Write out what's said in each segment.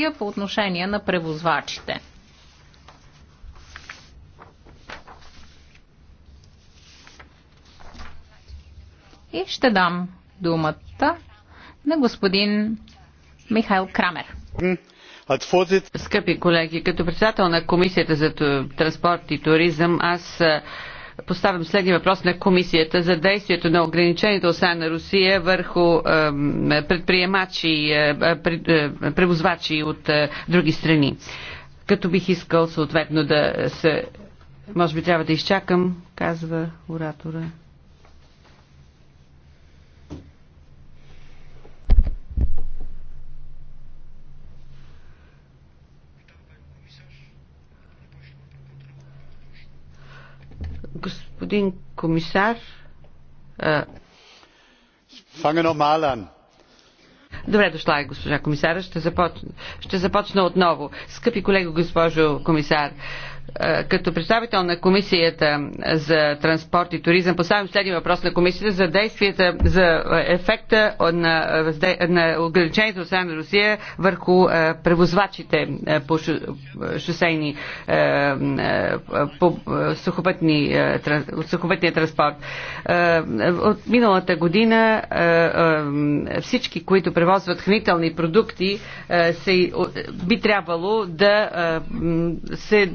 действия по отношение на превозвачите. И ще дам думата на господин Михаил Крамер. Скъпи колеги, като председател на Комисията за транспорт и туризъм, аз поставям следния въпрос на комисията за действието на ограничените страна на Русия върху е, предприемачи, е, пред, е, превозвачи от е, други страни. Като бих искал съответно да се... Може би трябва да изчакам, казва оратора. Господин комисар. Фанга нормален. Добре дошла, е госпожа комисара. Ще започна, ще започна отново. Скъпи колега, госпожо комисар, е, като представител на комисията за транспорт и туризъм поставям следния въпрос на комисията за действията, за е, ефекта на, на ограничението от на Русия върху е, превозвачите по шосейни по сухопътни, сухопътния транспорт. От миналата година всички, които превозват хранителни продукти, би трябвало да се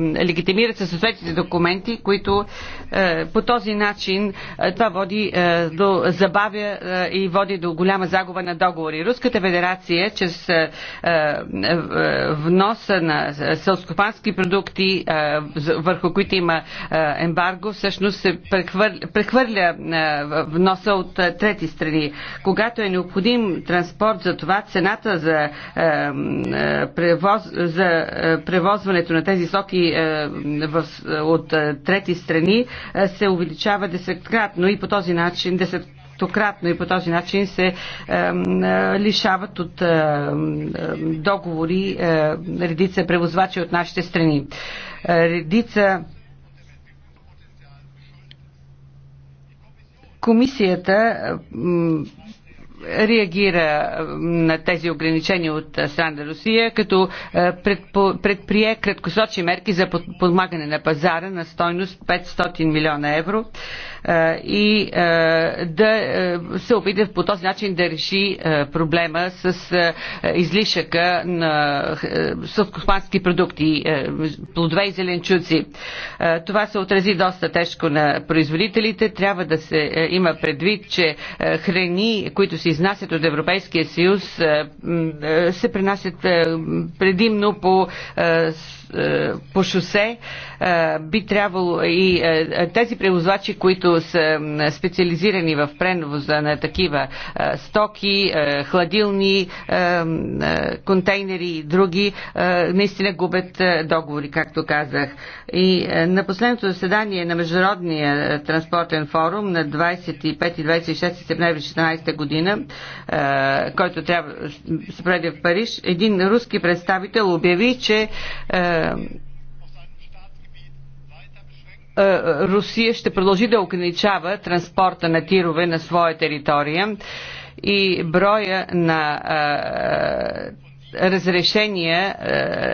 е, легитимират се съответните документи, които е, по този начин е, това води е, до забавя е, и води до голяма загуба на договори. Руската федерация чрез е, е, е вноса на селскопански продукти, е, върху които има е, ембарго, всъщност се прехвърля, прехвърля е, вноса от е, трети страни. Когато е необходим транспорт за това, цената за, е, е превоз, за превозването на тези соки е, в, от е, трети страни е, се увеличава десеткратно и по този начин десет и по този начин се е, е, лишават от е, договори е, редица превозвачи от нашите страни. Е, редица комисията е, реагира на тези ограничения от страна на Русия, като предприе краткосрочни мерки за подмагане на пазара на стойност 500 милиона евро и да се опита по този начин да реши проблема с излишъка на сълскохмански продукти, плодове и зеленчуци. Това се отрази доста тежко на производителите. Трябва да се има предвид, че храни, които се изнасят от Европейския съюз, е, е, се пренасят е, предимно по е, по шосе е, би трябвало и е, тези превозвачи, които са специализирани в преновоза на такива стоки, хладилни контейнери и други, наистина губят договори, както казах. И на последното заседание на Международния транспортен форум на 25 26 септември 2014 година, който трябва да се проведе в Париж, един руски представител обяви, че е, е, Русия ще продължи да ограничава транспорта на тирове на своя територия и броя на е, разрешения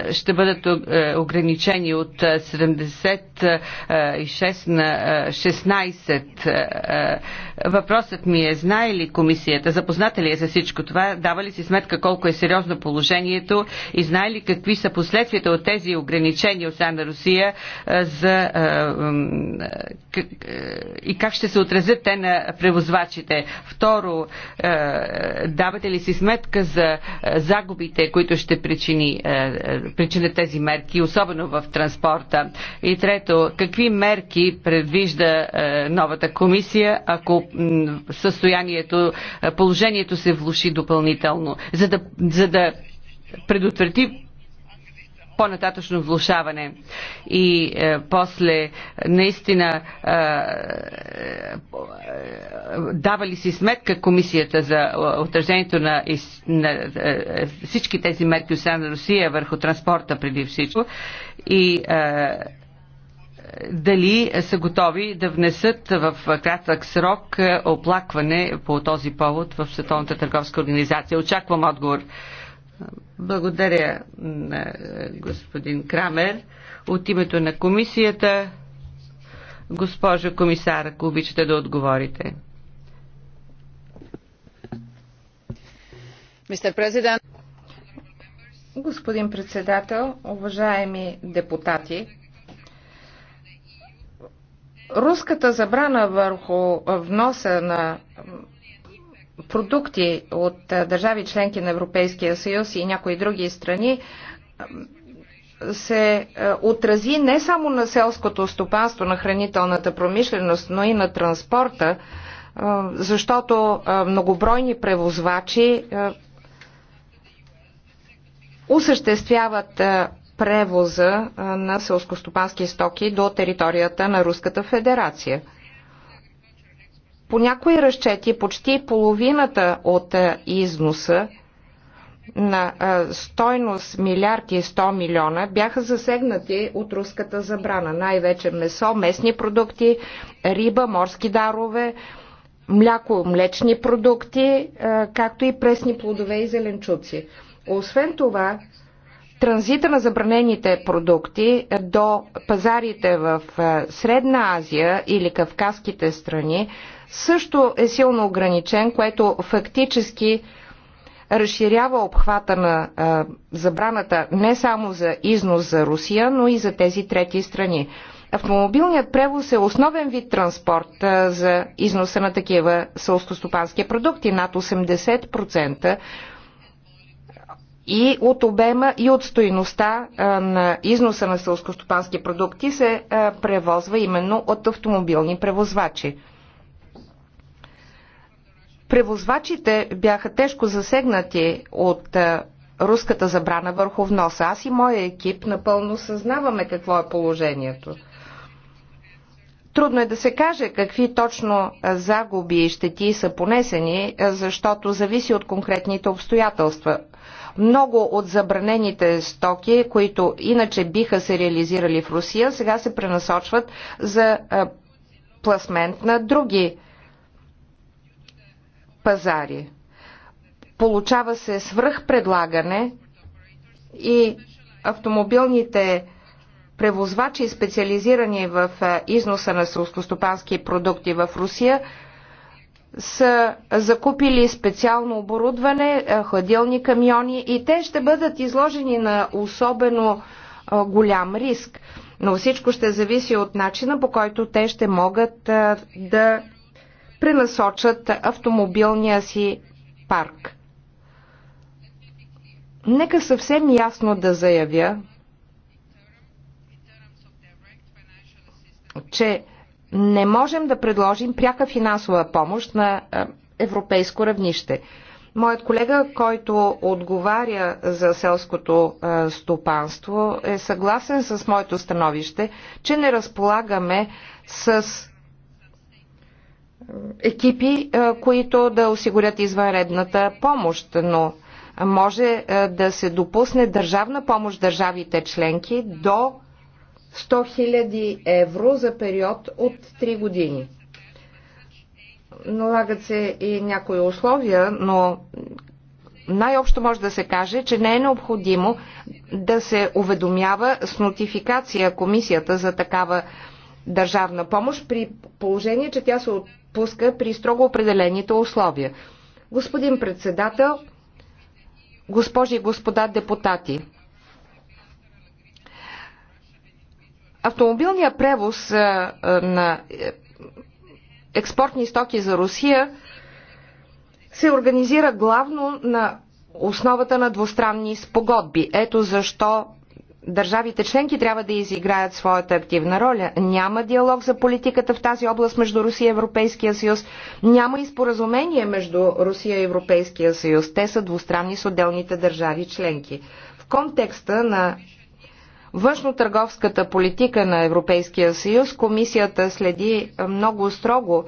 е, ще бъдат е, ограничени от 76 е, на 16. Въпросът ми е, знае ли комисията, запозната ли е за всичко това, дава ли си сметка колко е сериозно положението и знае ли какви са последствията от тези ограничения от страна на Русия за, и как ще се отразят те на превозвачите? Второ, давате ли си сметка за загубите които ще причини, е, е, причинят тези мерки, особено в транспорта. И трето, какви мерки предвижда е, новата комисия, ако състоянието, положението се влуши допълнително, за да, за да предотврати по-нататъчно влушаване. И е, после наистина е, е, си сметка комисията за е, отражението на, на е, е, всички тези мерки от страна на Русия върху транспорта преди всичко и е, дали са готови да внесат в кратък срок е, оплакване по този повод в Световната търговска организация. Очаквам отговор. Благодаря на е, господин Крамер. От името на комисията, госпожа комисар, ако обичате да отговорите. Мистер Президент. Господин председател, уважаеми депутати, руската забрана върху вноса на продукти от държави членки на Европейския съюз и някои други страни се отрази не само на селското стопанство, на хранителната промишленост, но и на транспорта, защото многобройни превозвачи осъществяват превоза на селскостопански стоки до територията на Руската федерация – по някои разчети почти половината от е, износа на е, стойност милиард и 100 милиона бяха засегнати от руската забрана. Най-вече месо, местни продукти, риба, морски дарове, мляко, млечни продукти, е, както и пресни плодове и зеленчуци. Освен това, транзита на забранените продукти до пазарите в Средна Азия или Кавказските страни също е силно ограничен, което фактически разширява обхвата на а, забраната не само за износ за Русия, но и за тези трети страни. Автомобилният превоз е основен вид транспорт а, за износа на такива сълскостопански продукти, над 80% и от обема и от стоиността а, на износа на сълскостопански продукти се а, превозва именно от автомобилни превозвачи. Превозвачите бяха тежко засегнати от е, руската забрана върху вноса. Аз и моя екип напълно съзнаваме какво е положението. Трудно е да се каже какви точно е, загуби и щети са понесени, е, защото зависи от конкретните обстоятелства. Много от забранените стоки, които иначе биха се реализирали в Русия, сега се пренасочват за пласмент на други пазари. Получава се свръхпредлагане и автомобилните превозвачи, специализирани в е, износа на селскостопански продукти в Русия, са закупили специално оборудване, е, хладилни камиони и те ще бъдат изложени на особено е, голям риск. Но всичко ще зависи от начина по който те ще могат да пренасочат автомобилния си парк. Нека съвсем ясно да заявя, че не можем да предложим пряка финансова помощ на европейско равнище. Моят колега, който отговаря за селското стопанство, е съгласен с моето становище, че не разполагаме с екипи, които да осигурят извънредната помощ, но може да се допусне държавна помощ държавите членки до 100 000 евро за период от 3 години. Налагат се и някои условия, но най-общо може да се каже, че не е необходимо да се уведомява с нотификация комисията за такава държавна помощ при положение, че тя се отпуска при строго определените условия. Господин председател, госпожи и господа депутати, автомобилният превоз на е, експортни стоки за Русия се организира главно на основата на двустранни спогодби. Ето защо Държавите членки трябва да изиграят своята активна роля. Няма диалог за политиката в тази област между Русия и Европейския съюз. Няма и споразумение между Русия и Европейския съюз. Те са двустранни с отделните държави членки. В контекста на външно-търговската политика на Европейския съюз комисията следи много строго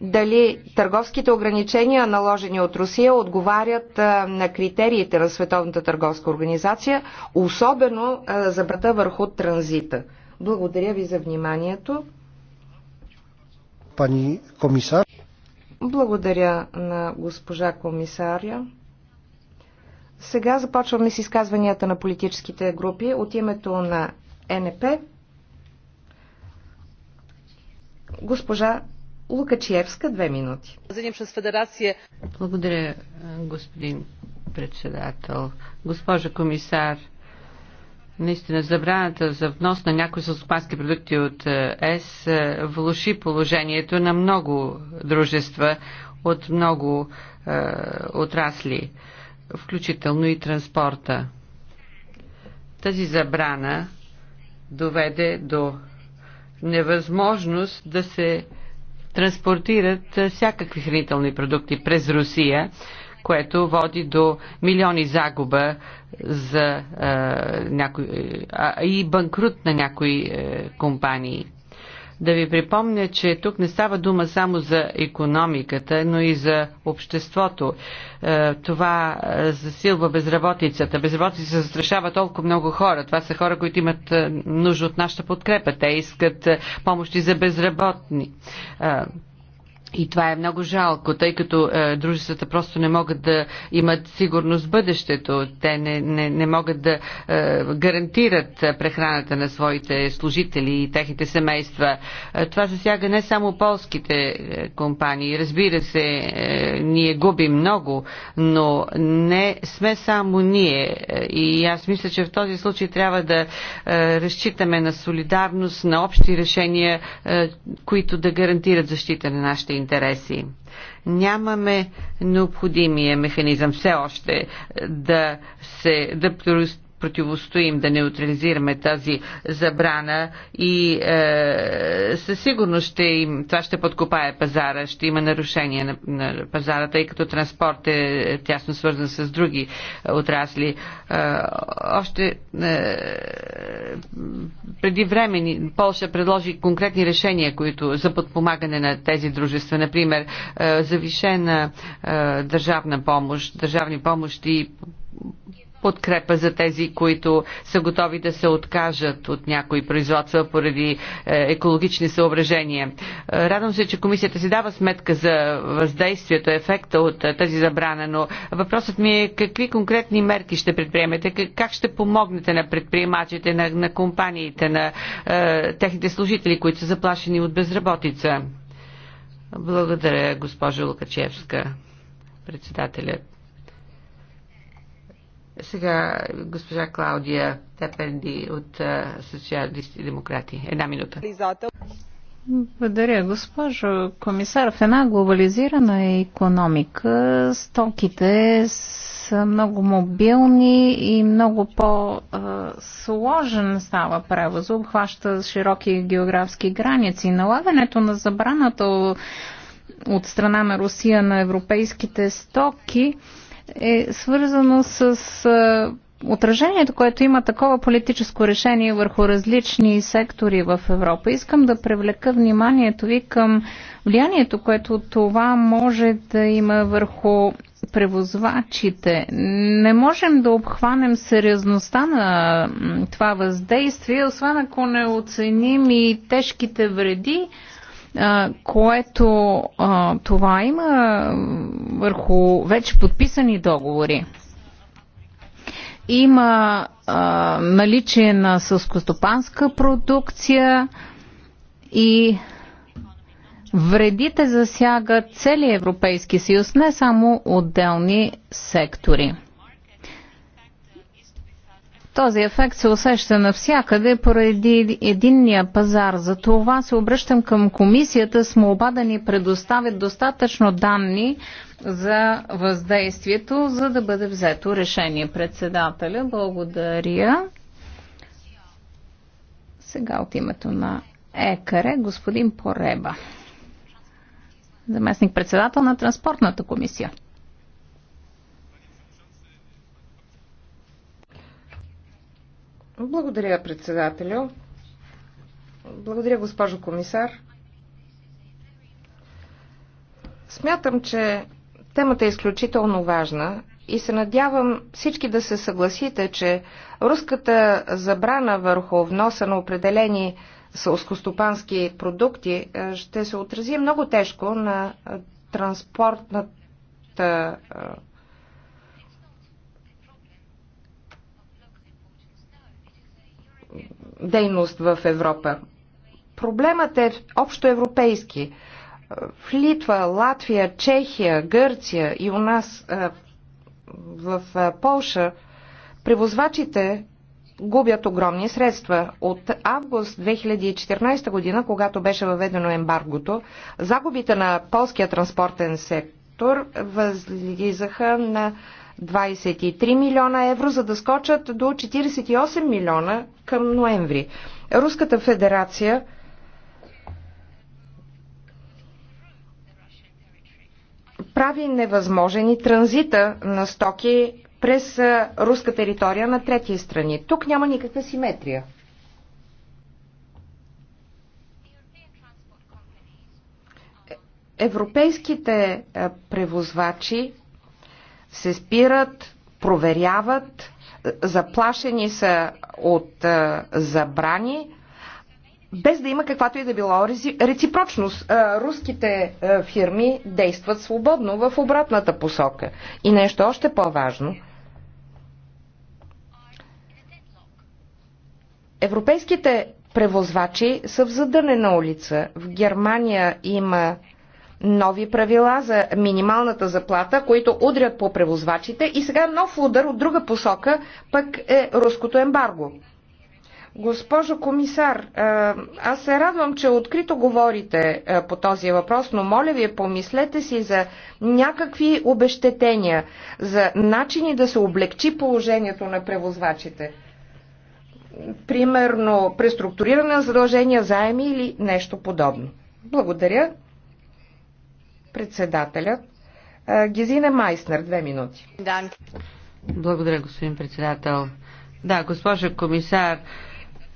дали търговските ограничения, наложени от Русия, отговарят на критериите на Световната търговска организация, особено за брата върху транзита. Благодаря ви за вниманието. Пани комисар. Благодаря на госпожа комисаря. Сега започваме с изказванията на политическите групи от името на НП. Госпожа Лукачевска, две минути. Благодаря, господин председател. Госпожа комисар, Наистина, забраната за внос на някои селскопански продукти от е, ЕС е, влуши положението на много дружества от много е, отрасли, включително и транспорта. Тази забрана доведе до невъзможност да се транспортират всякакви хранителни продукти през Русия, което води до милиони загуба за а, някой, а, и банкрут на някои а, компании да ви припомня, че тук не става дума само за економиката, но и за обществото. Е, това е, засилва безработицата. Безработицата застрашава толкова много хора. Това са хора, които имат е, нужда от нашата подкрепа. Те искат помощи за безработни и това е много жалко, тъй като е, дружествата просто не могат да имат сигурност в бъдещето. Те не, не, не могат да е, гарантират прехраната на своите служители и техните семейства. Е, това засяга не само полските е, компании. Разбира се, е, ние губим много, но не сме само ние. Е, и аз мисля, че в този случай трябва да е, разчитаме на солидарност, на общи решения, е, които да гарантират защита на нашите интереси интереси. Нямаме необходимия механизъм все още да се да противостоим, да неутрализираме тази забрана и е, със сигурност ще им, това ще подкопае пазара, ще има нарушение на, на пазара, тъй като транспорт е тясно свързан с други е, отрасли. Е, още е, преди време Полша предложи конкретни решения, които за подпомагане на тези дружества, например е, завишена е, държавна помощ, държавни помощи подкрепа за тези, които са готови да се откажат от някои производства поради е, екологични съображения. Радвам се, че комисията си дава сметка за въздействието, ефекта от е, тази забрана, но въпросът ми е какви конкретни мерки ще предприемете, как ще помогнете на предприемачите, на, на компаниите, на е, техните служители, които са заплашени от безработица. Благодаря, госпожо Лукачевска, председателят. Сега госпожа Клаудия Тепенди от Социалисти и демократи. Една минута. Благодаря, госпожо комисар. В една глобализирана економика стоките са много мобилни и много по-сложен става превоз, обхваща широки географски граници. Налагането на забраната от страна на Русия на европейските стоки е свързано с е, отражението, което има такова политическо решение върху различни сектори в Европа. Искам да привлека вниманието ви към влиянието, което това може да има върху превозвачите. Не можем да обхванем сериозността на това въздействие, освен ако не оценим и тежките вреди, което това има върху вече подписани договори има а, наличие на сълскостопанска продукция и вредите засягат целия Европейски съюз, не само отделни сектори. Този ефект се усеща навсякъде поради единния пазар. За това се обръщам към комисията с молба да ни предоставят достатъчно данни за въздействието, за да бъде взето решение. Председателя, благодаря. Сега от името на ЕКАРЕ, господин Пореба, заместник председател на Транспортната комисия. Благодаря, председателю. Благодаря, госпожо комисар. Смятам, че темата е изключително важна и се надявам всички да се съгласите, че руската забрана върху вноса на определени сълскостопански продукти е, ще се отрази много тежко на е, транспортната е, дейност в Европа. Проблемът е общо европейски. В Литва, Латвия, Чехия, Гърция и у нас в Полша превозвачите губят огромни средства. От август 2014 година, когато беше въведено ембаргото, загубите на полския транспортен сектор възлизаха на 23 милиона евро, за да скочат до 48 милиона към ноември. Руската федерация прави невъзможен и транзита на стоки през руска територия на трети страни. Тук няма никаква симетрия. Европейските превозвачи се спират, проверяват, заплашени са от забрани, без да има каквато и да било реципрочност. Руските фирми действат свободно в обратната посока. И нещо още по-важно. Европейските превозвачи са в задънена улица. В Германия има нови правила за минималната заплата, които удрят по превозвачите и сега нов удар от друга посока пък е руското ембарго. Госпожо комисар, аз се радвам, че открито говорите по този въпрос, но моля ви, помислете си за някакви обещетения, за начини да се облегчи положението на превозвачите. Примерно преструктуриране на задължения, заеми или нещо подобно. Благодаря. Председателят Гезина Майснер, две минути. Благодаря, господин председател. Да, госпожа комисар,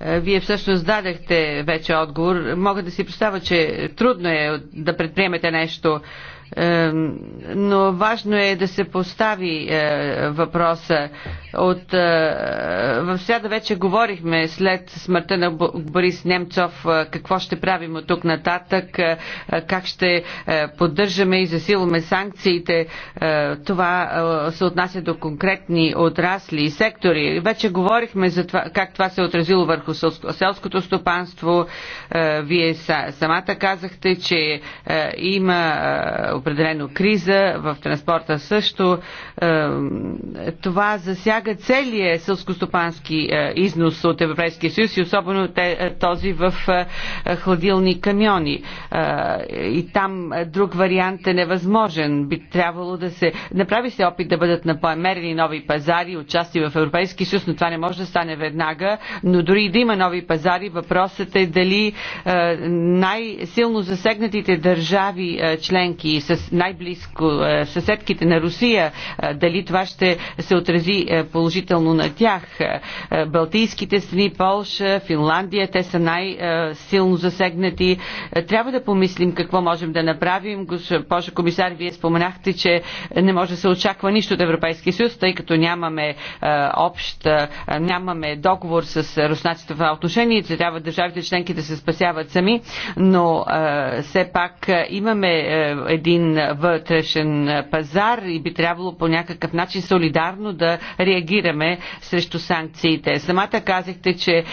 вие всъщност дадахте вече отговор. Мога да си представя, че трудно е да предприемете нещо но важно е да се постави е, въпроса от... Е, в сряда вече говорихме след смъртта на Борис Немцов е, какво ще правим от тук нататък, как ще поддържаме и засилваме санкциите. Това се отнася до конкретни отрасли и сектори. Вече говорихме за това, как това се отразило върху селското стопанство. Вие самата казахте, че има определено криза, в транспорта също. Е, това засяга целия сълскостопански е, износ от Европейския съюз и особено е, този в хладилни камиони. И там друг вариант е невъзможен. Би трябвало да се направи се опит да бъдат напоемерени нови пазари, участие в Европейския съюз, но това не може да стане веднага. Но дори и да има нови пазари, въпросът е дали най-силно засегнатите държави членки с с най-близко е, съседките на Русия, е, дали това ще се отрази е, положително на тях. Балтийските страни, Полша, Финландия, те са най-силно засегнати. Трябва да помислим какво можем да направим. Госпожо комисар, вие споменахте, че не може да се очаква нищо от Европейския съюз, тъй като нямаме общ, нямаме договор с руснаците в това отношение, че трябва държавите членки да се спасяват сами, но все пак имаме един един вътрешен пазар и би трябвало по някакъв начин солидарно да реагираме срещу санкциите. Самата казахте, че е,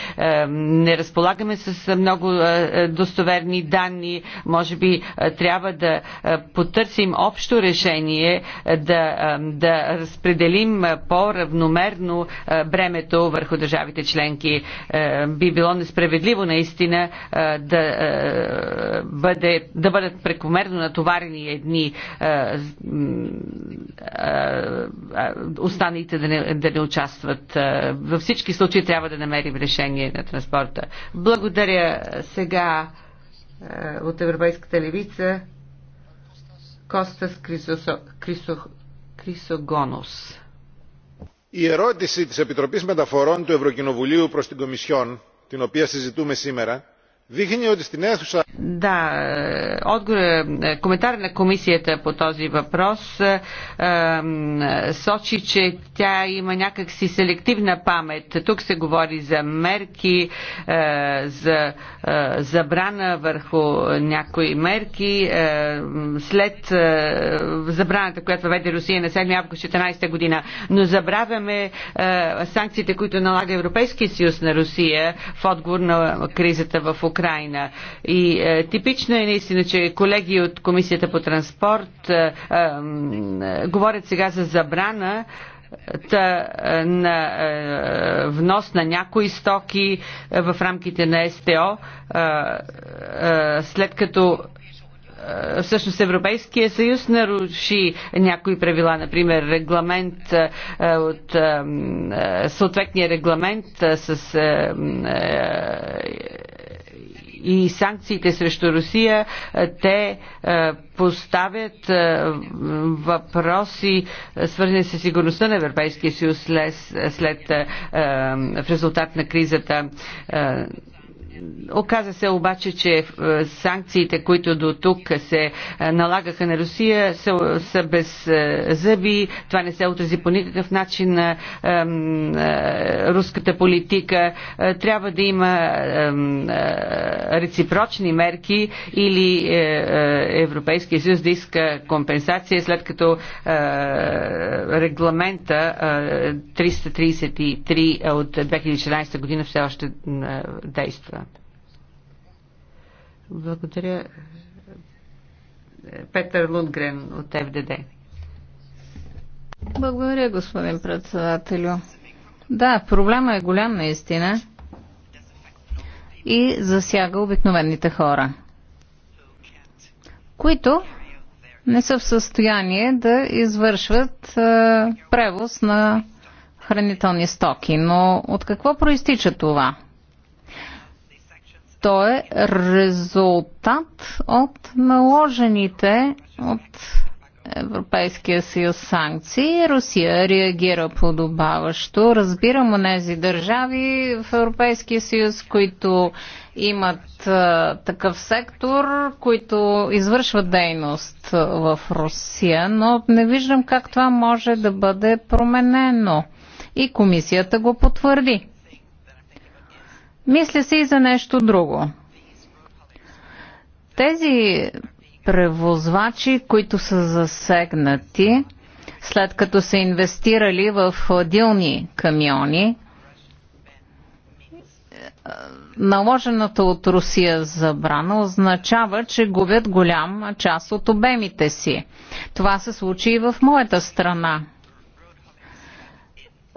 не разполагаме с много е, достоверни данни. Може би е, трябва да потърсим общо решение да, да разпределим по-равномерно бремето върху държавите членки. Би било несправедливо наистина да, бъде, да бъдат прекомерно натоварени едни останалите да да не участват. Във всички случаи трябва да намерим решение на транспорта. Благодаря сега от Европейската левица Костас Крисосо, Крисо, Крисогонос. Η ερώτηση της Επιτροπής Μεταφορών του Ευρωκοινοβουλίου προς την Κομισιόν, την οποία συζητούμε σήμερα, да, е, отговор, е, коментар на комисията по този въпрос е, е сочи, че тя има някакси селективна памет. Тук се говори за мерки, е, за е, забрана върху някои мерки. След забраната, която въведе Русия на 7 август 2014 година, но забравяме санкциите, които налага Европейския съюз на Русия в отговор на кризата в Украина Украина. И е, типично е наистина, че колеги от Комисията по транспорт е, е, говорят сега за забрана та, е, на е, внос на някои стоки е, в рамките на СТО, е, е, след като е, всъщност Европейския съюз наруши някои правила, например регламент е, от съответния регламент с и санкциите срещу Русия, е, те е, поставят е, въпроси, свързани с сигурността на Европейския съюз след, след в резултат на кризата Оказа се обаче, че е, санкциите, които до тук се е, налагаха на Русия, са, са без е, зъби. Това не се отрази по никакъв начин на руската политика. Трябва да има реципрочни мерки или Европейския съюз да иска компенсация, след като регламента 333 от 2014 година все още действа. Благодаря. Е, Петър Лундгрен от ФДД. Благодаря, господин председателю. Да, проблема е голям наистина и засяга обикновените хора, които не са в състояние да извършват е, превоз на хранителни стоки. Но от какво проистича това? то е резултат от наложените от Европейския съюз санкции. Русия реагира подобаващо. Разбирам онези държави в Европейския съюз, които имат такъв сектор, които извършват дейност в Русия, но не виждам как това може да бъде променено. И комисията го потвърди. Мисля се и за нещо друго. Тези превозвачи, които са засегнати, след като са инвестирали в хладилни камиони, наложената от Русия забрана означава, че губят голям част от обемите си. Това се случи и в моята страна.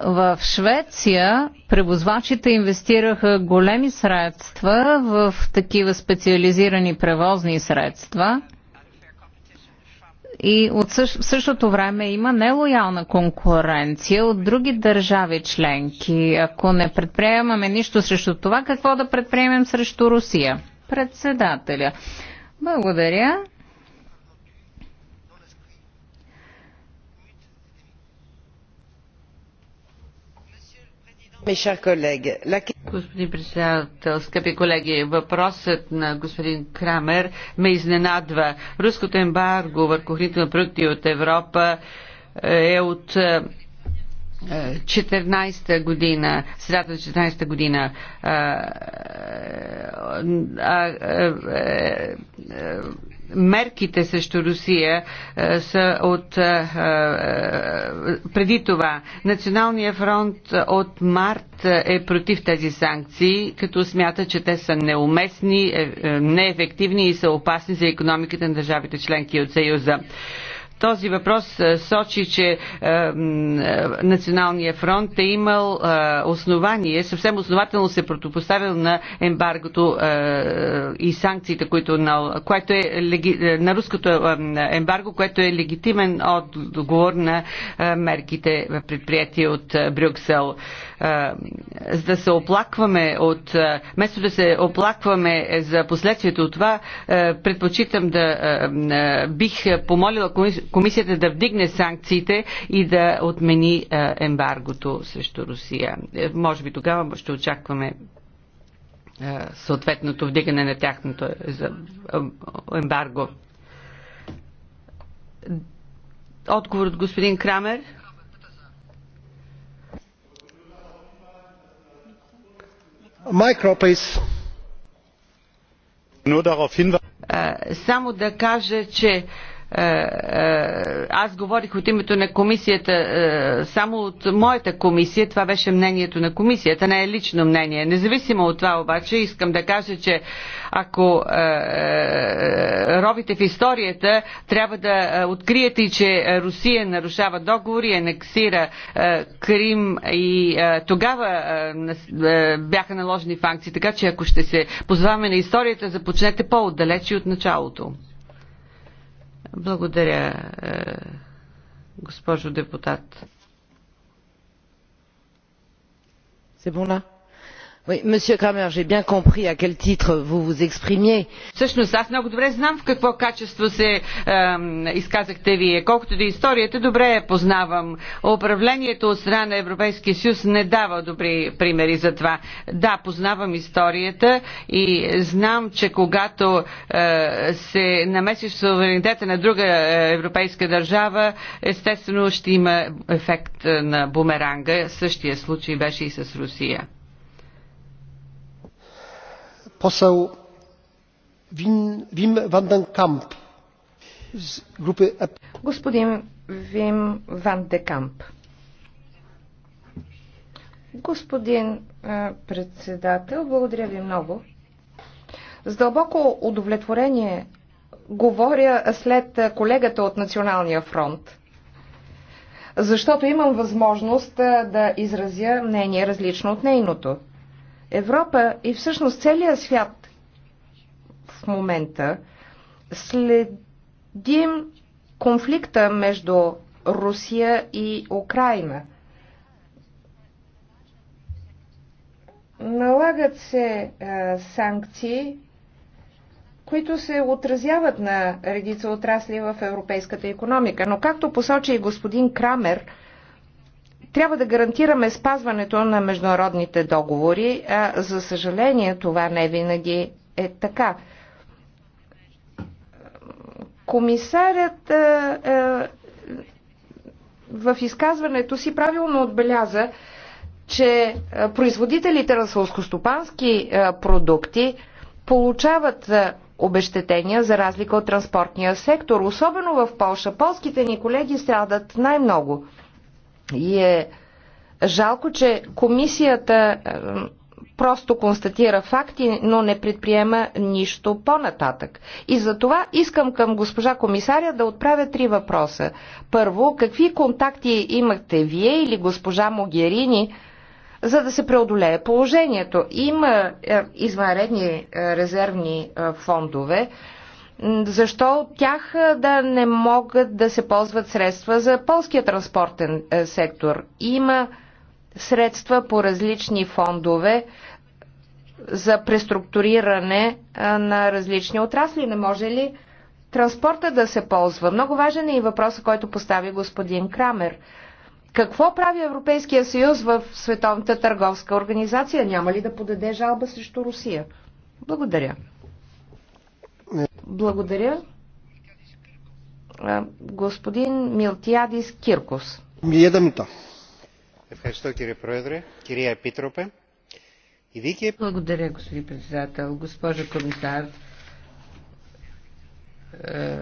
В Швеция превозвачите инвестираха големи средства в такива специализирани превозни средства и от същ, в същото време има нелоялна конкуренция от други държави членки. Ако не предприемаме нищо срещу това, какво да предприемем срещу Русия? Председателя. Благодаря. Господин председател, скъпи колеги, въпросът на господин Крамер ме изненадва. Руското ембарго върху хранителни продукти от Европа е, е от 14-та е, година, средата на 14-та година, а, а, а, а, а, мерките срещу Русия а, е, са от а, е, е, преди това. Националния фронт от март е против тези санкции, като смята, че те са неуместни, неефективни и са опасни за економиката на държавите членки от Съюза. Този въпрос е, сочи, че е, е, Националния фронт е имал основание, съвсем основателно се противопоставил на ембаргото и санкциите, които на, което е, на руското ембарго, което е легитимен отговор на мерките предприятия от Брюксел. За да се оплакваме от, вместо да се оплакваме за последствието от това, предпочитам да бих помолила комисията да вдигне санкциите и да отмени ембаргото срещу Русия. Е, може би тогава ще очакваме съответното вдигане на тяхното ембарго. Отговор от господин Крамер. Само да кажа, че е, е, аз говорих от името на комисията, е, само от моята комисия, това беше мнението на комисията, не е лично мнение. Независимо от това обаче, искам да кажа, че ако робите в историята, трябва да откриете, че Русия нарушава договори, анексира Крим и тогава бяха наложени фанкции. Така че ако ще се позваме на историята, започнете по-отдалече от началото. Благодаря, е, госпожо депутат. C'est bon là Monsieur cramer j'ai bien compris à quel titre vous vous exprimiez. Всъщност аз много добре знам в какво качество се е, изказахте вие. Колкото до историята, добре я познавам. Управлението от страна на Европейския съюз не дава добри примери за това. Да, познавам историята и знам, че когато е, се намесиш в суверенитета на друга е, европейска държава, естествено ще има ефект е, на бумеранга. Същия случай беше и с Русия poseł Wim van den Kamp z grupy EP. Господин Вим Ван де Камп. Господин е, председател, благодаря ви много. С дълбоко удовлетворение говоря след колегата от Националния фронт, защото имам възможност е, да изразя мнение различно от нейното. Европа и всъщност целият свят в момента следим конфликта между Русия и Украина. Налагат се а, е, санкции, които се отразяват на редица отрасли в европейската економика. Но както посочи и господин Крамер, трябва да гарантираме спазването на международните договори, а за съжаление това не винаги е така. Комисарят а, в изказването си правилно отбеляза, че производителите на сълскостопански продукти получават обещетения за разлика от транспортния сектор. Особено в Польша. Полските ни колеги страдат най-много. И е жалко, че комисията е, просто констатира факти, но не предприема нищо по-нататък. И за това искам към госпожа комисаря да отправя три въпроса. Първо, какви контакти имахте вие или госпожа Могерини, за да се преодолее положението? Има е, извънредни е, резервни фондове, защо от тях да не могат да се ползват средства за полския транспортен е, сектор? Има средства по различни фондове за преструктуриране на различни отрасли. Не може ли транспорта да се ползва? Много важен е и въпросът, който постави господин Крамер. Какво прави Европейския съюз в Световната търговска организация? Няма ли да подаде жалба срещу Русия? Благодаря. Благодаря. Господин Милтиадис Киркос. Е Благодаря, господин председател. Госпожо комисар, е,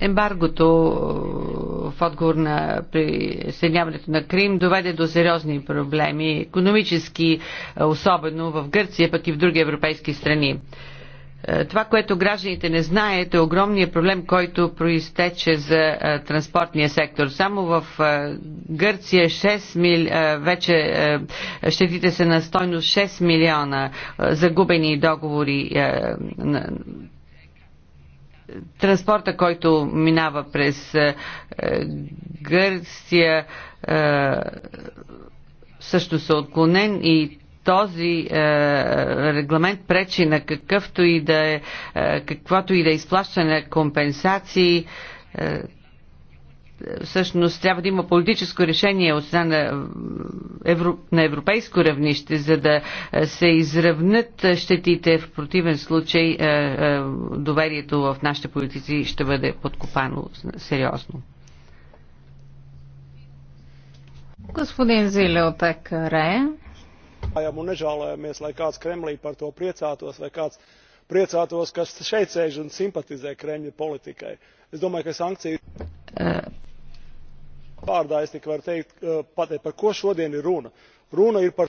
ембаргото е, в отговор на присъединяването на Крим доведе до сериозни проблеми, економически, особено в Гърция, пък и в други европейски страни. Е, това, което гражданите не знаят е огромният проблем, който проистече за е, транспортния сектор. Само в е, Гърция 6 мили... вече щетите са на стойност 6 милиона загубени договори транспорта, който минава през Гърция, също са отклонен и този е, регламент пречи на какъвто и да е, е каквото и да е изплащане компенсации. Е, всъщност трябва да има политическо решение от страна на, евро, на европейско равнище, за да е, се изравнят щетите. В противен случай е, е, доверието в нашите политици ще бъде подкопано сериозно. Господин Зиле от ЕКРЕ un nežēlojamies lai kāds kremlī par to priecātos vai kāds priecātos kas šeit sēž un simpatizē kremļa politikai. es domāju ka sankciju pārdā es tikai varu teikt pateikt par ko šodien ir runa. Runa ir par.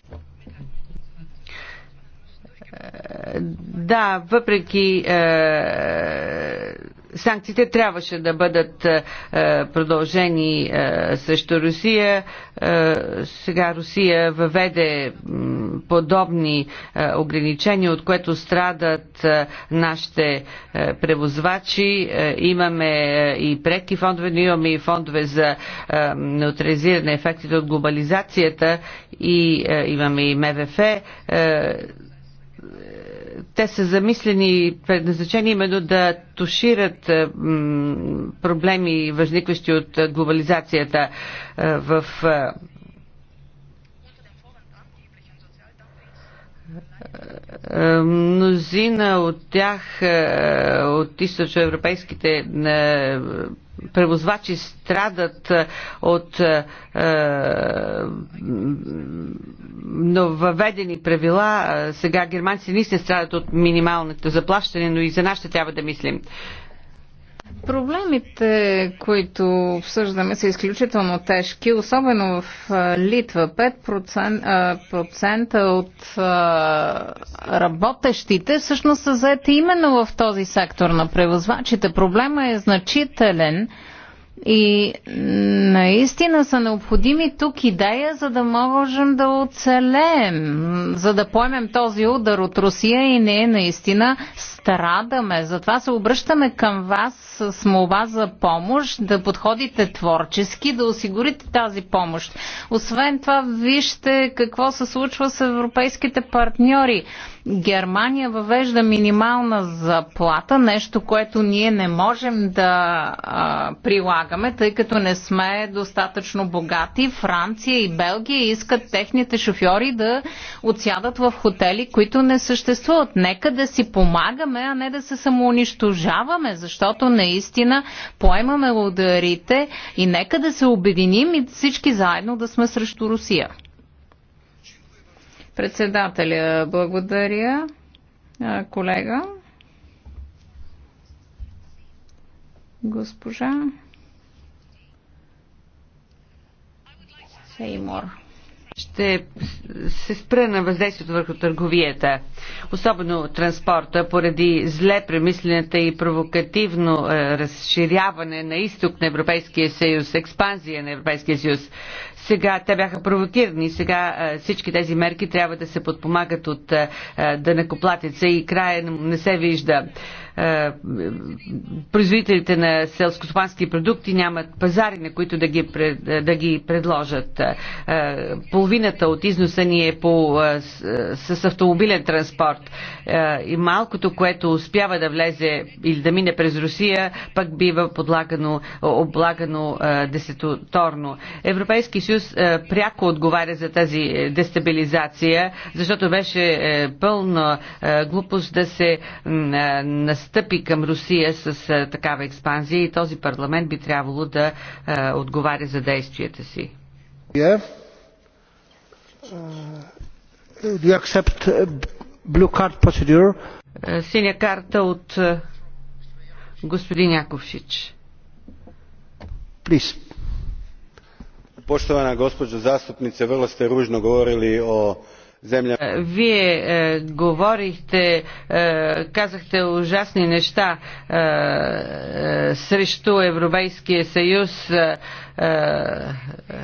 Да, въпреки Санкциите трябваше да бъдат е, е, продължени е, срещу Русия. Сега Русия въведе подобни ограничения, от което страдат нашите превозвачи. Имаме и преки фондове, но имаме и фондове за неутрализиране ефектите от глобализацията и имаме и МВФ те са замислени и предназначени именно да тушират е, проблеми, възникващи от глобализацията е, в е, Е, е, мнозина от тях, е, от източноевропейските превозвачи страдат от е, правила. Сега германци наистина страдат от минималните заплащане, но и за нас ще трябва да мислим. Проблемите, които обсъждаме, са изключително тежки, особено в Литва. 5% от работещите всъщност са заети именно в този сектор на превозвачите. Проблема е значителен и наистина са необходими тук идея, за да можем да оцелеем, за да поемем този удар от Русия и ние наистина страдаме. Затова се обръщаме към вас с молба за помощ, да подходите творчески, да осигурите тази помощ. Освен това, вижте какво се случва с европейските партньори. Германия въвежда минимална заплата, нещо, което ние не можем да а, прилагаме прилагаме, тъй като не сме достатъчно богати. Франция и Белгия искат техните шофьори да отсядат в хотели, които не съществуват. Нека да си помагаме, а не да се самоунищожаваме, защото наистина поемаме ударите и нека да се обединим и всички заедно да сме срещу Русия. Председателя, благодаря. Колега. Госпожа. Сеймор. Ще се спра на въздействието върху търговията, особено транспорта, поради зле премислената и провокативно е, разширяване на изток на Европейския съюз, експанзия на Европейския съюз. Сега те бяха провокирани. Сега всички тези мерки трябва да се подпомагат от дънакоплатеца и края не се вижда производителите на селскостопански продукти нямат пазари, на които да ги, да ги предложат. Половината от износа ни е по, с, с автомобилен транспорт. И малкото, което успява да влезе или да мине през Русия, пък бива подлагано, облагано десеторно. Европейски съюз е, пряко отговаря за тази е, дестабилизация, защото беше е, пълна глупост да се настъпи към Русия с такава експанзия и този парламент би трябвало да отговаря за действията си. Синя карта от господин Яковшич. Please poštovana gospođo zastupnice vrlo ste ružno govorili o земля. Вие е, говорихте, е, казахте ужасни неща е, е, срещу Европейския съюз. Е, е,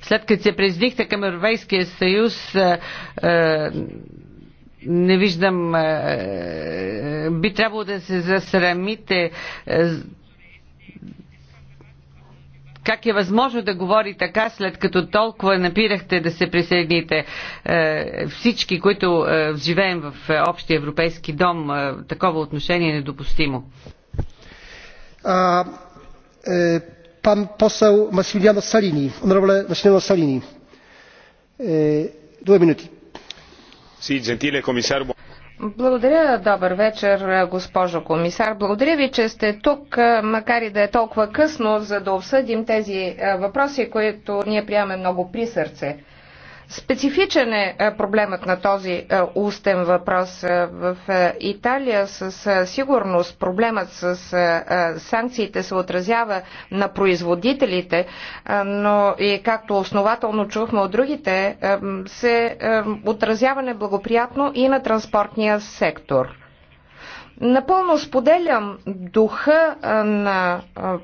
след като се приздихте към Европейския съюз, е, е, не виждам. Е, би трябвало да се засрамите. Е, как е възможно да говори така, след като толкова напирахте да се присъедините? Е, всички, които е, живеем в е, общия европейски дом, такова отношение е недопустимо. А, е, пан посел Масилиано Салини, онорабеле Масилиано Салини. Е, две минути. Sì, gentile commissario. Благодаря, добър вечер, госпожо комисар. Благодаря ви, че сте тук, макар и да е толкова късно, за да обсъдим тези въпроси, които ние приемаме много при сърце. Специфичен е, е проблемът на този е, устен въпрос. Е, в Италия със сигурност проблемът с санкциите се отразява на производителите, но и както основателно чухме от другите, се отразява неблагоприятно и на транспортния сектор. Напълно споделям духа на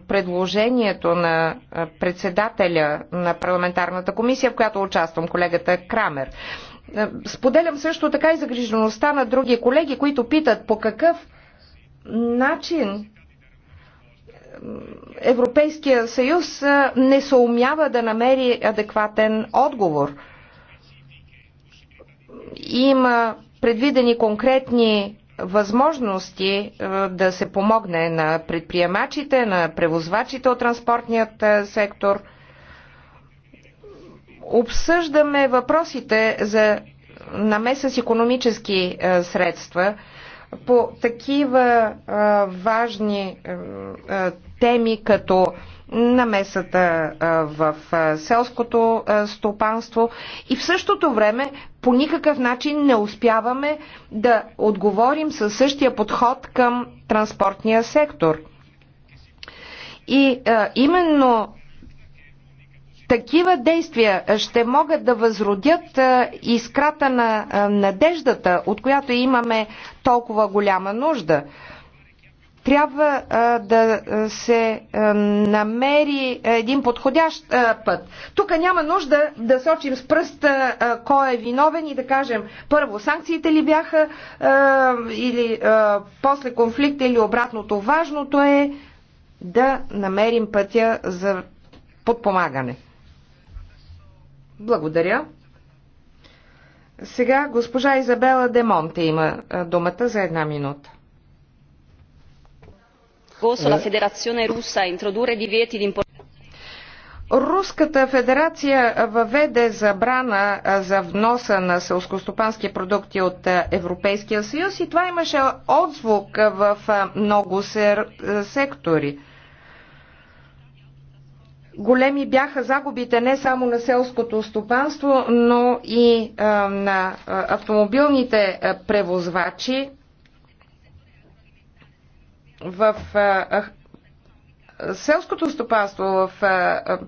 предложението на председателя на парламентарната комисия, в която участвам, колегата Крамер. Споделям също така и загрижеността на други колеги, които питат по какъв начин Европейския съюз не съумява да намери адекватен отговор. Има предвидени конкретни възможности е, да се помогне на предприемачите, на превозвачите от транспортният е, сектор. Обсъждаме въпросите за намеса с економически е, средства по такива важни теми като намесата в селското стопанство и в същото време по никакъв начин не успяваме да отговорим със същия подход към транспортния сектор. И а, именно такива действия ще могат да възродят искрата на надеждата, от която имаме толкова голяма нужда трябва а, да се а, намери един подходящ а, път. Тук няма нужда да сочим с пръста а, кой е виновен и да кажем първо санкциите ли бяха а, или а, после конфликта или обратното. Важното е да намерим пътя за подпомагане. Благодаря. Сега госпожа Изабела Демонте има думата за една минута scorso la eh. federazione russa a introdurre divieti di importazione Руската федерация въведе забрана за вноса на селскостопански продукти от Европейския съюз и това имаше отзвук в много сектори. Големи бяха загубите не само на селското стопанство, но и на автомобилните превозвачи, в селското стопанство, в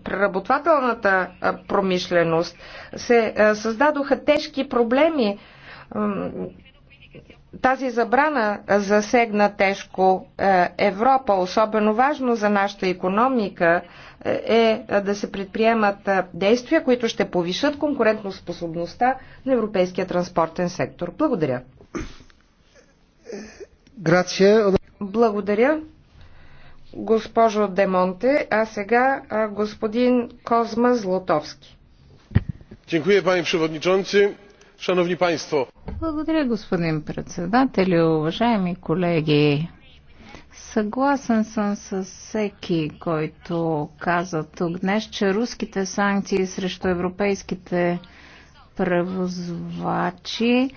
преработвателната промишленост се създадоха тежки проблеми. Тази забрана засегна тежко е, Европа. Особено важно за нашата економика е, е да се предприемат действия, които ще повишат конкурентоспособността на европейския транспортен сектор. Благодаря. Грация. Благодаря, госпожо Демонте. А сега господин Козма Злотовски. Дякую, пани przewodniczący. Шановни państwo. Благодаря, господин председател, уважаеми колеги. Съгласен съм с всеки, който каза тук днес, че руските санкции срещу европейските превозвачи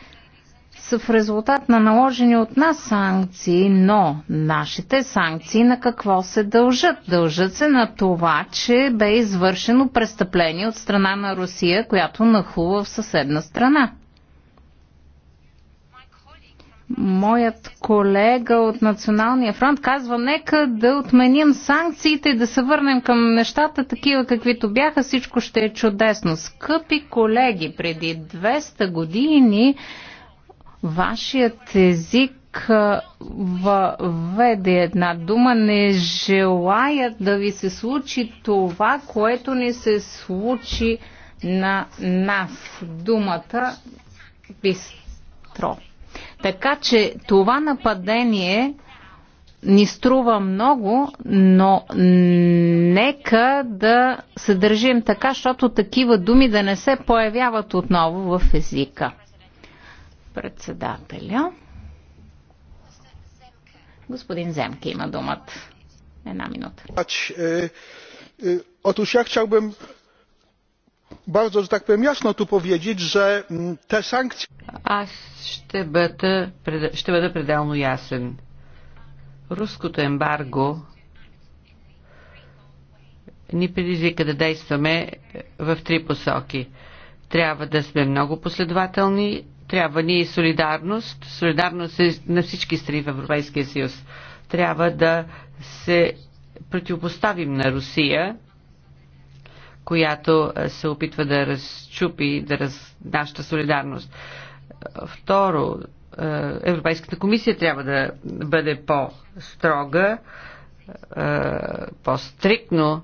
са в резултат на наложени от нас санкции, но нашите санкции на какво се дължат? Дължат се на това, че бе извършено престъпление от страна на Русия, която нахува в съседна страна. Моят колега от Националния фронт казва, нека да отменим санкциите и да се върнем към нещата такива каквито бяха, всичко ще е чудесно. Скъпи колеги, преди 200 години Вашият език въведе една дума. Не желаят да ви се случи това, което ни се случи на нас. Думата бистро. Така че това нападение ни струва много, но нека да се държим така, защото такива думи да не се появяват отново в езика. Председателя. Господин Земки има думата. Една минута. Е, е, я ja chciałbym bardzo, że tak powiem, jasno tu powiedzieć, że te sankcje... Аз ще бъда, ще бъда пределно ясен. Руското ембарго ни предизвика да действаме в три посоки. Трябва да сме много последователни трябва ни солидарност, солидарност е на всички страни в Европейския съюз. Трябва да се противопоставим на Русия, която се опитва да разчупи да раз... нашата солидарност. Второ, Европейската комисия трябва да бъде по-строга, по-стрикно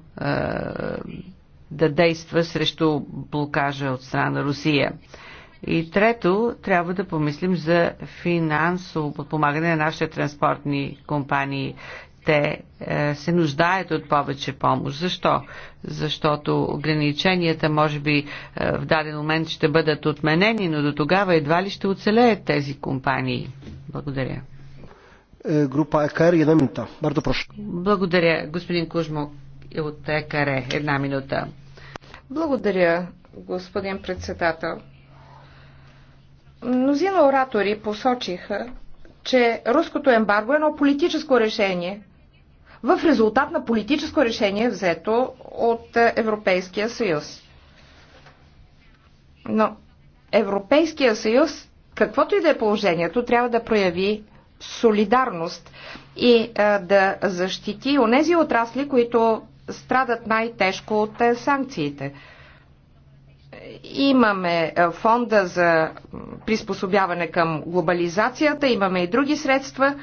да действа срещу блокажа от страна на Русия. И трето, трябва да помислим за финансово подпомагане на нашите транспортни компании. Те е, се нуждаят от повече помощ. Защо? Защото ограниченията, може би, е, в даден момент ще бъдат отменени, но до тогава едва ли ще оцелеят тези компании. Благодаря. Е, група ЕКР, една минута. Бърдо прошу. Благодаря, господин Кужмо е от ЕКР. Една минута. Благодаря, господин председател. Мнозина оратори посочиха, че руското ембарго е едно политическо решение, в резултат на политическо решение взето от Европейския съюз. Но Европейския съюз, каквото и да е положението, трябва да прояви солидарност и а, да защити онези отрасли, които страдат най-тежко от а, санкциите. Имаме е, фонда за приспособяване към глобализацията, имаме и други средства.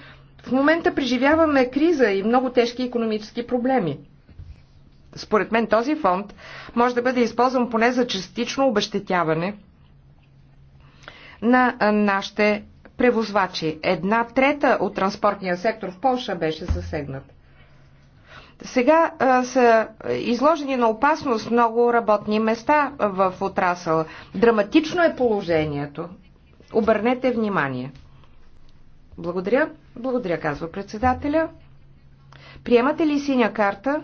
В момента преживяваме криза и много тежки економически проблеми. Според мен този фонд може да бъде използван поне за частично обещетяване на е, нашите превозвачи. Една трета от транспортния сектор в Польша беше засегната. Сега а, са изложени на опасност много работни места в отрасъл. Драматично е положението. Обърнете внимание. Благодаря. Благодаря, казва председателя. Приемате ли синя карта?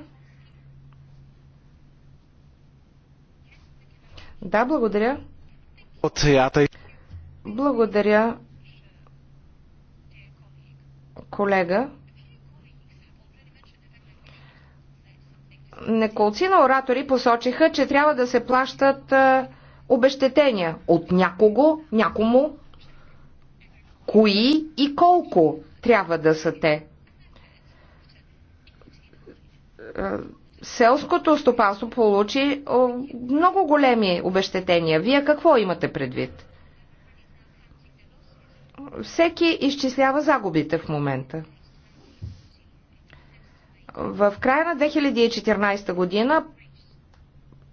Да, благодаря. От Благодаря, колега. неколцина оратори посочиха, че трябва да се плащат обещетения от някого, някому, кои и колко трябва да са те. Селското стопанство получи много големи обещетения. Вие какво имате предвид? Всеки изчислява загубите в момента. В края на 2014 година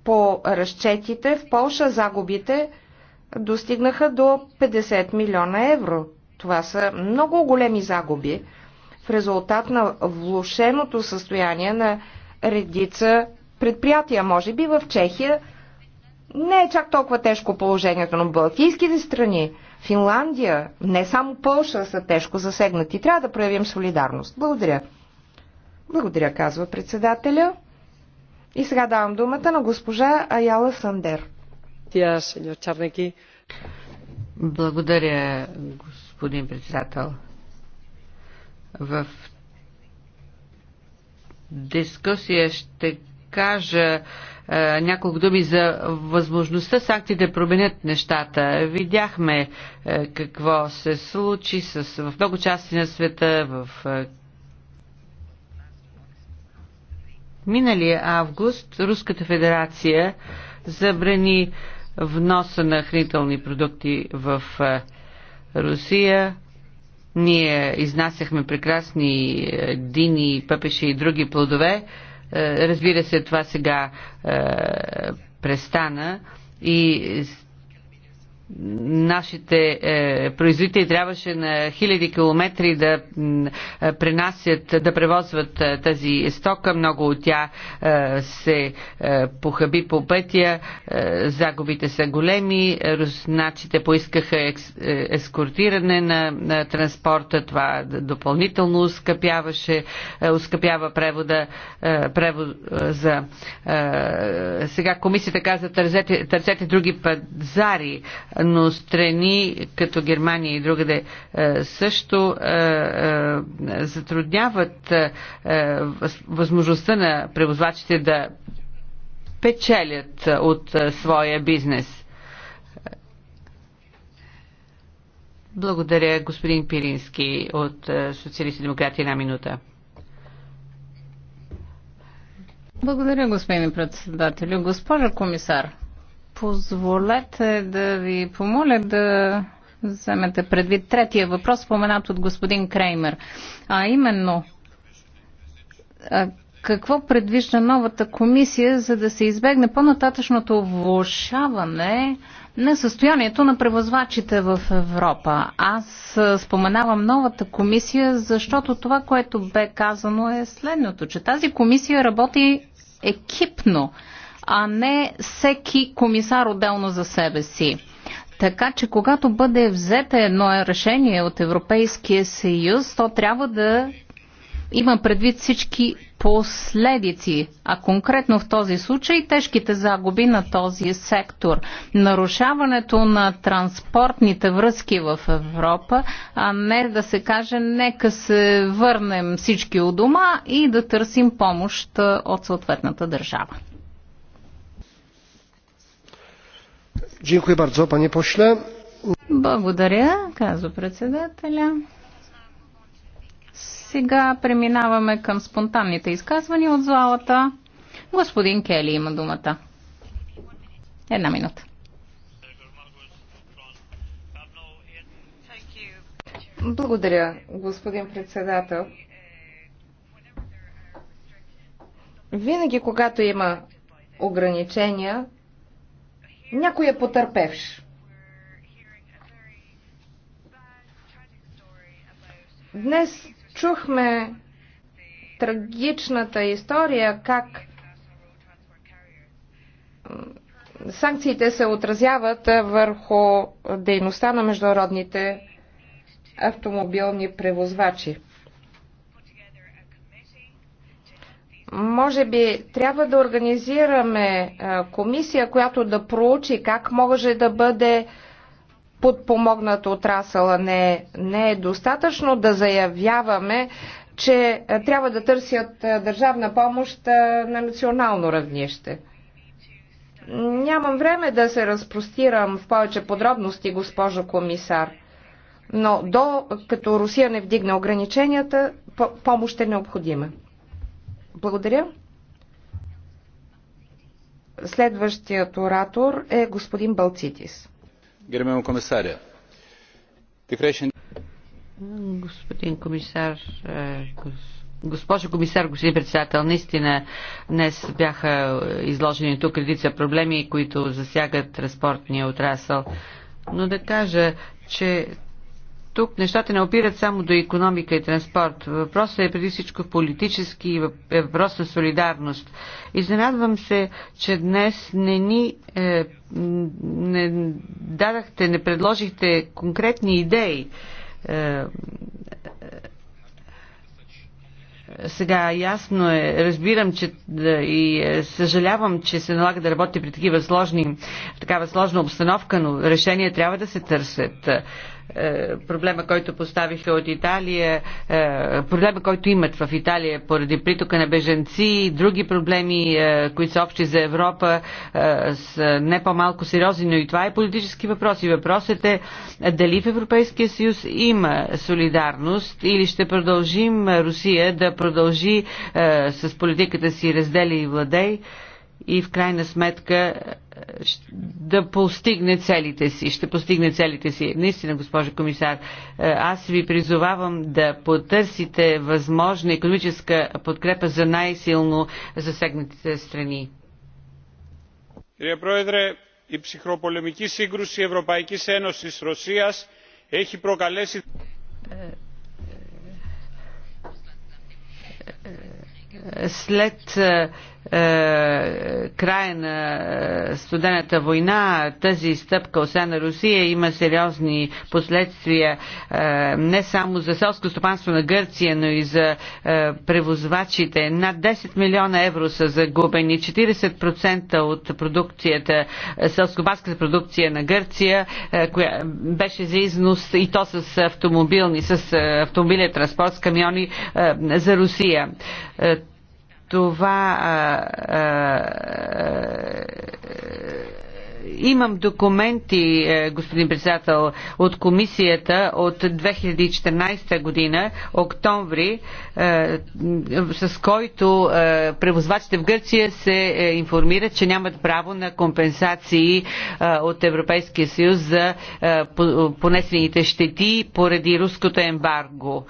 по разчетите в Полша загубите достигнаха до 50 милиона евро. Това са много големи загуби в резултат на влушеното състояние на редица предприятия. Може би в Чехия не е чак толкова тежко положението, но Балтийските страни, Финландия, не само Полша са тежко засегнати. Трябва да проявим солидарност. Благодаря. Благодаря, казва председателя. И сега давам думата на госпожа Аяла Сандер. Тя, Благодаря, господин председател. В дискусия ще кажа е, няколко думи за възможността санкциите да променят нещата. Видяхме е, какво се случи с, в много части на света, в е, Миналия август Руската федерация забрани вноса на хранителни продукти в е, Русия. Ние изнасяхме прекрасни е, дини, пъпеши и други плодове. Е, разбира се, това сега престана и нашите е, производители трябваше на хиляди километри да е, пренасят, да превозват е, тази стока. Много от тя е, се е, похаби по пътя. Е, загубите са големи. Русначите поискаха екс, е, ескортиране на, на транспорта. Това допълнително ускъпяваше, е, ускъпява превода, е, превоза. Е, е, сега комисията каза търсете, търсете други пазари но страни като Германия и другаде е, също е, е, затрудняват възможността на превозвачите да печелят от своя бизнес. Благодаря, господин Пирински от Социалисти демократи. Една минута. Благодаря, господин председател, Госпожа комисар, Позволете да ви помоля да вземете предвид третия въпрос, споменат от господин Креймер. А именно, какво предвижда новата комисия, за да се избегне по-нататъчното влушаване на състоянието на превозвачите в Европа. Аз споменавам новата комисия, защото това, което бе казано е следното, че тази комисия работи екипно а не всеки комисар отделно за себе си. Така че когато бъде взете едно решение от Европейския съюз, то трябва да има предвид всички последици, а конкретно в този случай тежките загуби на този сектор, нарушаването на транспортните връзки в Европа, а не да се каже нека се върнем всички у дома и да търсим помощ от съответната държава. Благодаря, казва председателя. Сега преминаваме към спонтанните изказвания от залата. Господин Кели има думата. Една минута. Благодаря, господин председател. Винаги, когато има ограничения, някой е потърпевш. Днес чухме трагичната история как санкциите се отразяват върху дейността на международните автомобилни превозвачи. Може би трябва да организираме е, комисия, която да проучи как може да бъде подпомогнат отрасъла. Не, не е достатъчно да заявяваме, че е, трябва да търсят е, държавна помощ на национално равнище. Нямам време да се разпростирам в повече подробности, госпожо комисар. Но до като Русия не вдигне ограниченията, помощ е необходима. Благодаря. Следващият оратор е господин Балцитис. Гермемо комисаря. Господин комисар, е, госпожо комисар, господин председател, наистина днес бяха изложени тук редица проблеми, които засягат транспортния отрасъл. Но да кажа, че тук нещата не опират само до економика и транспорт. Въпросът е преди всичко политически и е въпрос на солидарност. Изненадвам се, че днес не ни е, не дадахте, не предложихте конкретни идеи. Е, сега ясно е, разбирам че, и е, съжалявам, че се налага да работите при такива сложни, такава сложна обстановка, но решения трябва да се търсят. Е, проблема, който поставиха от Италия, е, проблема, който имат в Италия поради притока на беженци, други проблеми, е, които са общи за Европа, са не по-малко сериозни, но и това е политически въпрос. И въпросът е дали в Европейския съюз има солидарност или ще продължим Русия да продължи с политиката си раздели и владей и в крайна сметка да постигне целите си. Ще постигне целите си. Наистина, госпожо комисар, аз ви призовавам да потърсите възможна економическа подкрепа за най-силно засегнатите страни. Κύριε Πρόεδρε, η ψυχροπολεμική σύγκρουση Ευρωπαϊκής Ένωσης Ρωσίας έχει προκαλέσει... След е, края на е, студената война тази стъпка от на Русия има сериозни последствия е, не само за селско стопанство на Гърция, но и за превозвачите. Над 10 милиона евро са загубени, 40% от продукцията, селскобанската продукция на Гърция, коя беше за износ и то с автомобилни, с автомобилен транспорт, с камиони за Русия това а, а, имам документи, е, господин председател, от комисията от 2014 година, октомври, е, с който е, превозвачите в Гърция се информират, че нямат право на компенсации от Европейския съюз за понесените щети поради руското ембарго.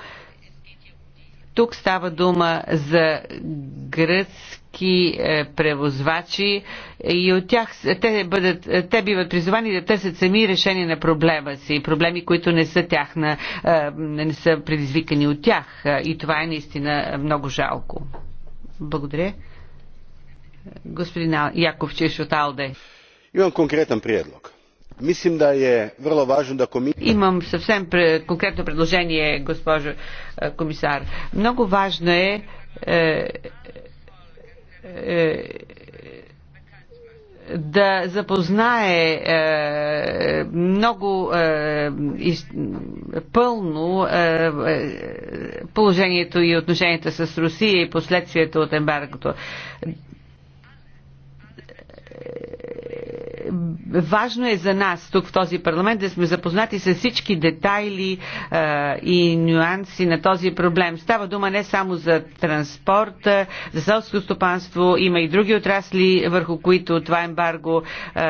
Тук става дума за гръцки е, превозвачи и от тях те, бъдат, е, те биват призовани да търсят сами решение на проблема си, проблеми, които не са, тяхна, е, не са предизвикани от тях. И това е наистина много жалко. Благодаря. Господин Яков Чеш от Алде. Имам конкретен предлог е Имам съвсем конкретно предложение, госпожо е, комисар. Много важно е, е, е, да запознае е, много е, пълно е, положението и отношенията с Русия и последствията от ембаргото важно е за нас тук в този парламент да сме запознати с всички детайли е, и нюанси на този проблем. Става дума не само за транспорт, за селско стопанство, има и други отрасли, върху които това ембарго е,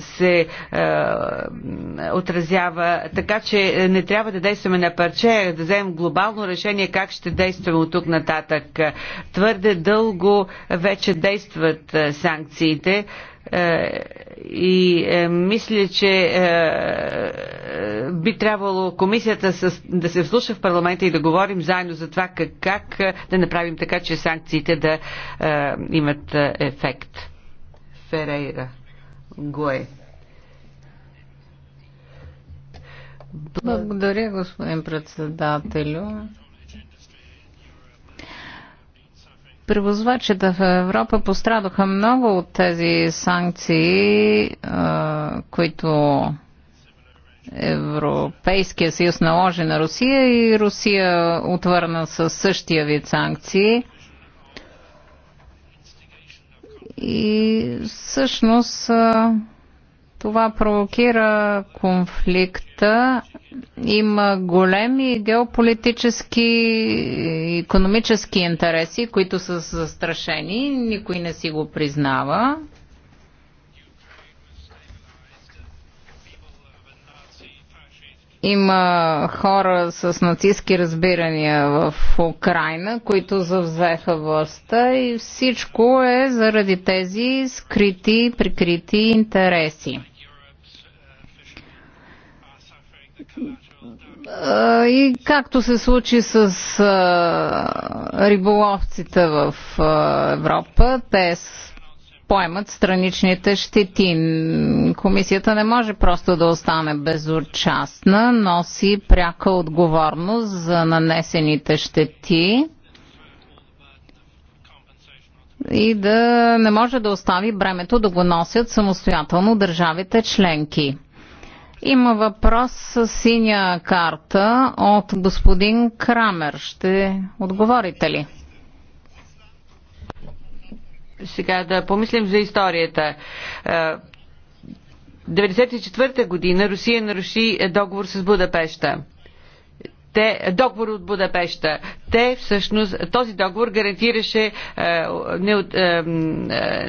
се е, отразява. Така че не трябва да действаме на парче, да вземем глобално решение как ще действаме от тук нататък. Твърде дълго вече действат е, санкциите. Е, и е, мисля, че е, би трябвало комисията с, да се вслуша в парламента и да говорим заедно за това как, как е, да направим така, че санкциите да е, имат е, ефект. Ферейра Гое. Благодаря, господин председателю. Превозвачите в Европа пострадоха много от тези санкции, които Европейския съюз наложи на Русия и Русия отвърна със същия вид санкции. И всъщност това провокира конфликта. Има големи геополитически и економически интереси, които са застрашени. Никой не си го признава. Има хора с нацистски разбирания в Украина, които завзеха властта и всичко е заради тези скрити, прикрити интереси. Е, и както се случи с е, риболовците в е, Европа, те поемат страничните щети. Комисията не може просто да остане безучастна, носи пряка отговорност за нанесените щети и да не може да остави бремето да го носят самостоятелно държавите членки. Има въпрос с синя карта от господин Крамер. Ще отговорите ли? Сега да помислим за историята. 1994 е, година Русия наруши договор с Будапешта те, договор от Будапешта. Те всъщност, този договор гарантираше е, не, е, е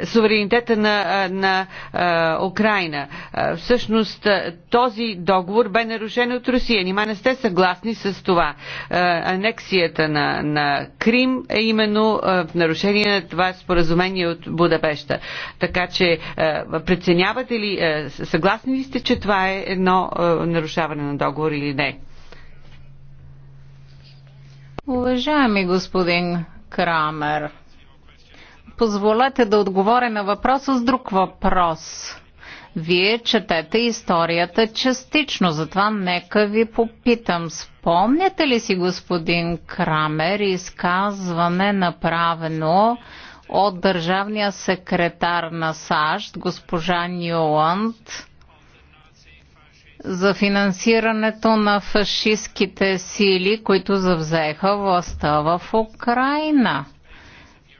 е, суверенитета на, е, на а, е, Украина. А, всъщност този договор бе нарушен от Русия. Нима не сте съгласни с това. А, анексията на, на Крим е именно а, в нарушение на това споразумение от Будапешта. Така че а, преценявате ли, а, съгласни ли сте, че това е едно а, нарушаване на договор или не? Уважаеми господин Крамер, позволете да отговоря на въпроса с друг въпрос. Вие четете историята частично, затова нека ви попитам. Спомняте ли си, господин Крамер, изказване направено от държавния секретар на САЩ, госпожа Нюланд, за финансирането на фашистските сили, които завзеха властта в Украина?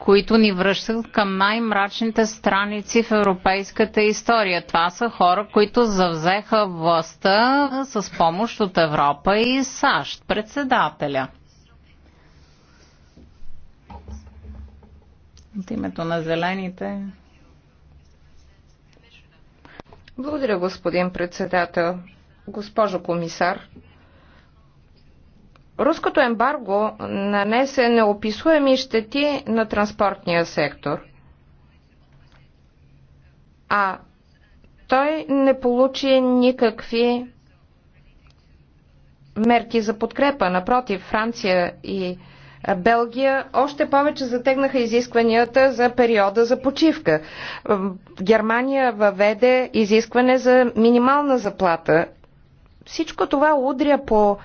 които ни връщат към най-мрачните страници в европейската история. Това са хора, които завзеха властта с помощ от Европа и САЩ, председателя. От името на зелените. Благодаря, господин председател. Госпожо комисар, Руското ембарго нанесе неописуеми щети на транспортния сектор, а той не получи никакви мерки за подкрепа. Напротив, Франция и Белгия още повече затегнаха изискванията за периода за почивка. Германия въведе изискване за минимална заплата. Всичко това удря по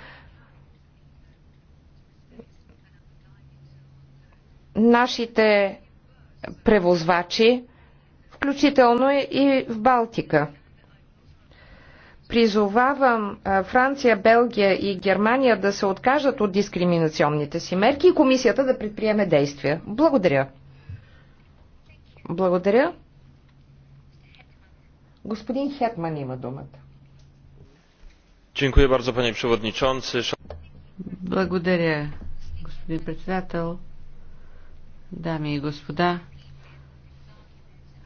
нашите превозвачи, включително и в Балтика. Призовавам Франция, Белгия и Германия да се откажат от дискриминационните си мерки и комисията да предприеме действия. Благодаря. Благодаря. Господин Хетман има думата. Благодаря, господин председател дами и господа,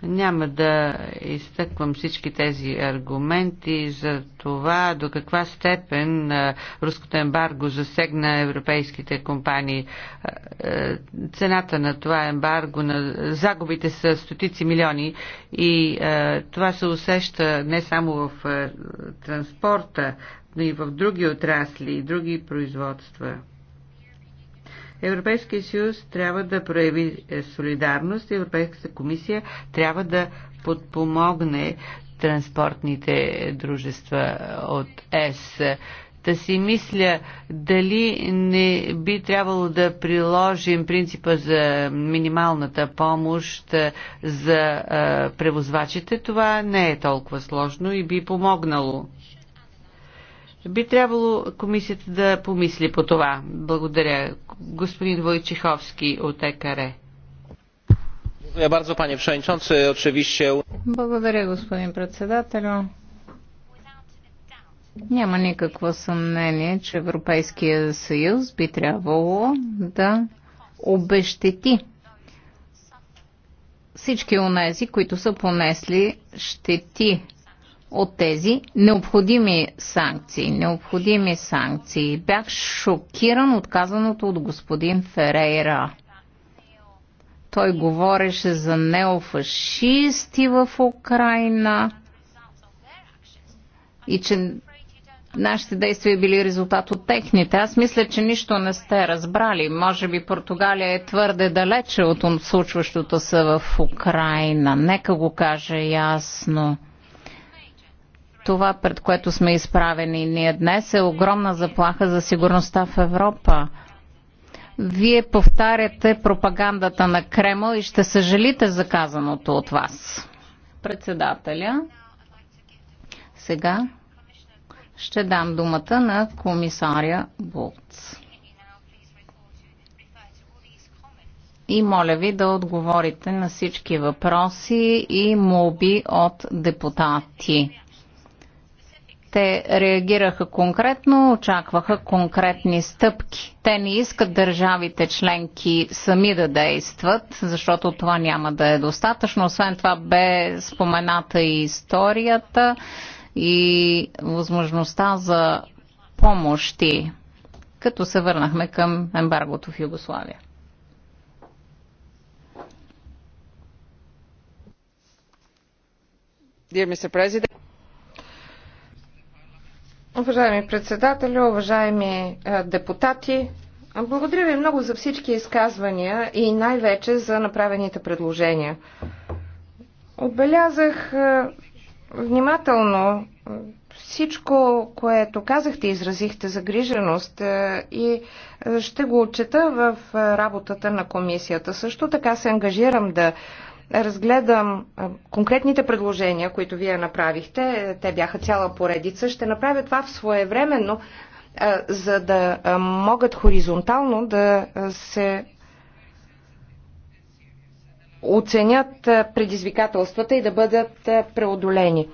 няма да изтъквам всички тези аргументи за това до каква степен руското ембарго засегна европейските компании. Цената на това ембарго, на загубите са стотици милиони и това се усеща не само в транспорта, но и в други отрасли и други производства. Европейския съюз трябва да прояви е, солидарност, Европейската комисия трябва да подпомогне транспортните дружества от ЕС. Да си мисля дали не би трябвало да приложим принципа за минималната помощ е, за е, превозвачите. Това не е толкова сложно и би помогнало. Би трябвало комисията да помисли по това. Благодаря. Господин Войчиховски от ЕКАРЕ. Благодаря, господин председател. Няма никакво съмнение, че Европейския съюз би трябвало да обещети всички онези, които са понесли щети от тези необходими санкции. Необходими санкции. Бях шокиран от казаното от господин Ферейра. Той говореше за неофашисти в Украина и че нашите действия били резултат от техните. Аз мисля, че нищо не сте разбрали. Може би Португалия е твърде далече от случващото се в Украина. Нека го кажа ясно. Това, пред което сме изправени ние днес, е огромна заплаха за сигурността в Европа. Вие повтаряте пропагандата на Кремъл и ще съжалите за казаното от вас. Председателя, сега ще дам думата на комисаря Булц. И моля ви да отговорите на всички въпроси и моби от депутати. Те реагираха конкретно, очакваха конкретни стъпки. Те не искат държавите членки сами да действат, защото това няма да е достатъчно. Освен това бе спомената и историята и възможността за помощи, като се върнахме към ембаргото в Югославия. Dear Mr. President, Уважаеми председатели, уважаеми е, депутати, благодаря ви много за всички изказвания и най-вече за направените предложения. Отбелязах е, внимателно е, всичко, което казахте, изразихте загриженост и ще го отчета в работата на комисията. Също така се ангажирам да разгледам конкретните предложения, които вие направихте. Те бяха цяла поредица. Ще направя това в своевременно, за да могат хоризонтално да се оценят предизвикателствата и да бъдат преодолени.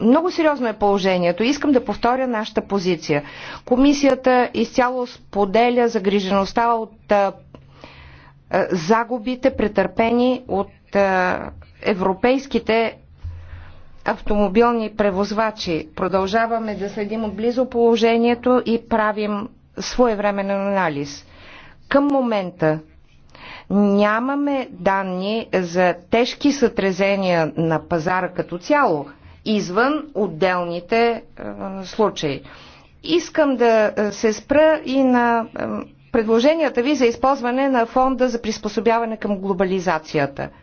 Много сериозно е положението. Искам да повторя нашата позиция. Комисията изцяло споделя загрижеността от загубите, претърпени от европейските автомобилни превозвачи. Продължаваме да следим отблизо положението и правим своевременен анализ. Към момента нямаме данни за тежки сътрезения на пазара като цяло, извън отделните е, случаи. Искам да се спра и на предложенията ви за използване на фонда за приспособяване към глобализацията –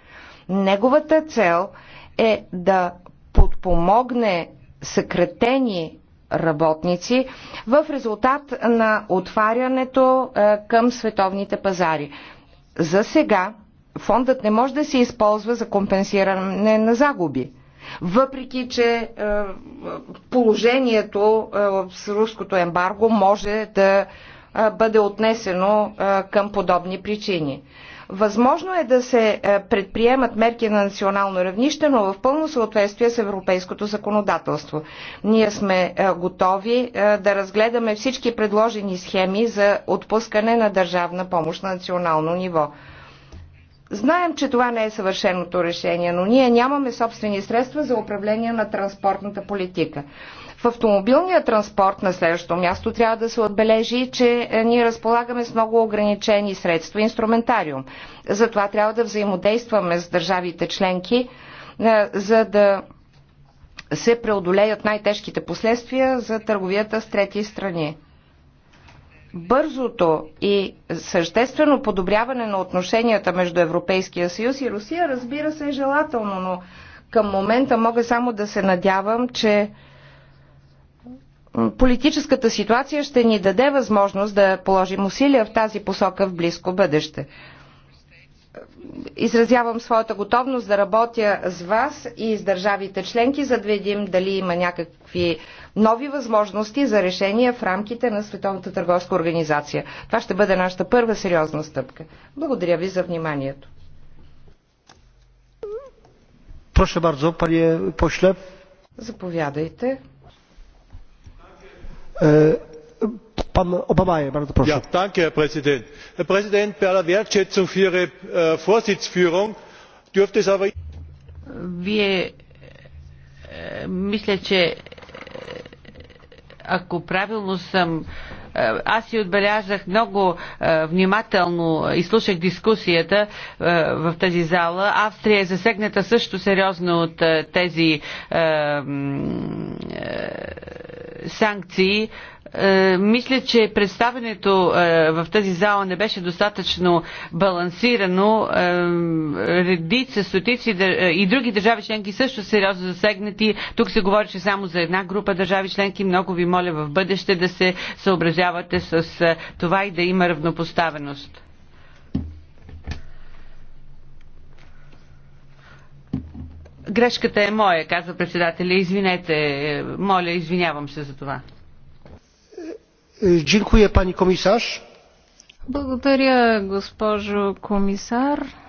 Неговата цел е да подпомогне съкратени работници в резултат на отварянето е, към световните пазари. За сега фондът не може да се използва за компенсиране на загуби. Въпреки, че е, положението е, с руското ембарго може да бъде отнесено към подобни причини. Възможно е да се е, предприемат мерки на национално равнище, но в пълно съответствие с европейското законодателство. Ние сме е, готови е, да разгледаме всички предложени схеми за отпускане на държавна помощ на национално ниво. Знаем, че това не е съвършеното решение, но ние нямаме собствени средства за управление на транспортната политика. В автомобилния транспорт на следващото място трябва да се отбележи, че е, ние разполагаме с много ограничени средства и инструментариум. Затова трябва да взаимодействаме с държавите членки, е, за да се преодолеят най-тежките последствия за търговията с трети страни. Бързото и съществено подобряване на отношенията между Европейския съюз и Русия, разбира се, е желателно, но към момента мога само да се надявам, че политическата ситуация ще ни даде възможност да положим усилия в тази посока в близко бъдеще. Изразявам своята готовност да работя с вас и с държавите членки, за да видим дали има някакви нови възможности за решения в рамките на Световната търговска организация. Това ще бъде нашата първа сериозна стъпка. Благодаря ви за вниманието. Прошу Заповядайте. Е, е, herr präsident! herr präsident bei aller wertschätzung für ihre äh, vorsitzführung dürfte es aber. вие е, мисля че ако правилно съм аз си отбелязах много внимателно и слушах дискусията в тази зала. Австрия е засегната също сериозно от тези санкции. Е, мисля, че представенето е, в тази зала не беше достатъчно балансирано. Е, редица, стотици и други държави членки също сериозно засегнати. Тук се говореше само за една група държави членки. Много ви моля в бъдеще да се съобразявате с това и да има равнопоставеност. Грешката е моя, казва председателя. Извинете, моля, извинявам се за това. Е, е, дякую, пани комисар. Благодаря, госпожо комисар.